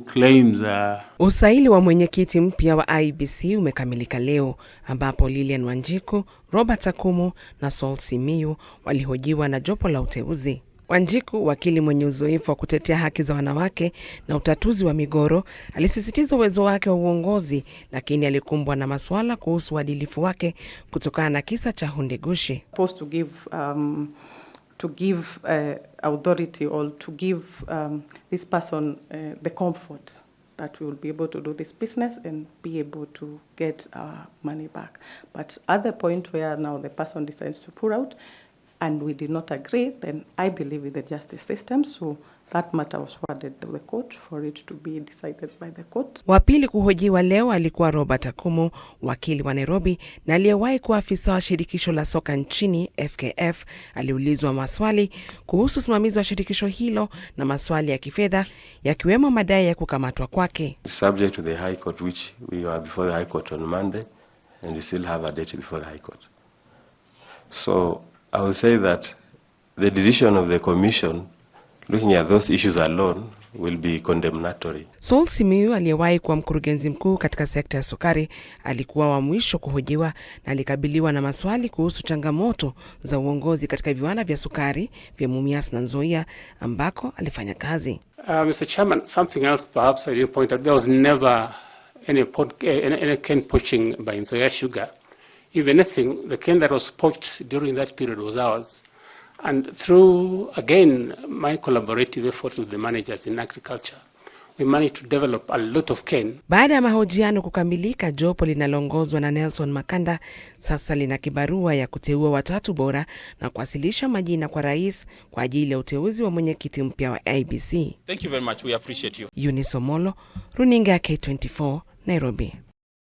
Uh, Usaili wa mwenyekiti mpya wa ibc umekamilika leo ambapo Lilian Wanjiku, Robert Akumu na sol simiu walihojiwa na jopo la uteuzi. Wanjiku, wakili mwenye uzoefu wa kutetea haki za wanawake na utatuzi wa migoro, alisisitiza uwezo wake wa uongozi, lakini alikumbwa na masuala kuhusu uadilifu wake kutokana na kisa cha Hundegushi. to give uh, authority or to give um, this person uh, the comfort that we will be able to do this business and be able to get our money back. But at the point where now the person decides to pull out, and we did not agree, then I believe in the justice system, so that matter was forwarded to the court for it to be decided by the court. Wa pili kuhojiwa leo alikuwa Robert Akumu, wakili wa Nairobi na aliyewahi kuwa afisa wa shirikisho la soka nchini FKF. Aliulizwa maswali kuhusu usimamizi wa shirikisho hilo na maswali ya kifedha yakiwemo madai ya kukamatwa kwake. Subject to the High Court which we are before the High Court on Monday and we still have a date before the High Court. So I would say that the decision of the commission looking at those issues alone will be condemnatory. Saul Simiyu aliyewahi kuwa mkurugenzi mkuu katika sekta ya sukari alikuwa wa mwisho kuhojiwa na alikabiliwa na maswali kuhusu changamoto za uongozi katika viwanda vya sukari vya Mumias na Nzoia ambako alifanya kazi. Uh, Mr. Chairman, something else perhaps I didn't point out. There was never any, eh, any, any cane poaching by Nzoia Sugar if anything, the cane that was poached during that period was ours. And through, again, my collaborative efforts with the managers in agriculture, we managed to develop a lot of cane. Baada ya mahojiano kukamilika, jopo linaloongozwa na Nelson Makanda sasa lina kibarua ya kuteua watatu bora na kuwasilisha majina kwa rais kwa ajili ya uteuzi wa mwenyekiti mpya wa ABC. Thank you very much. We appreciate you. Eunice Omolo, Runinga K24, Nairobi.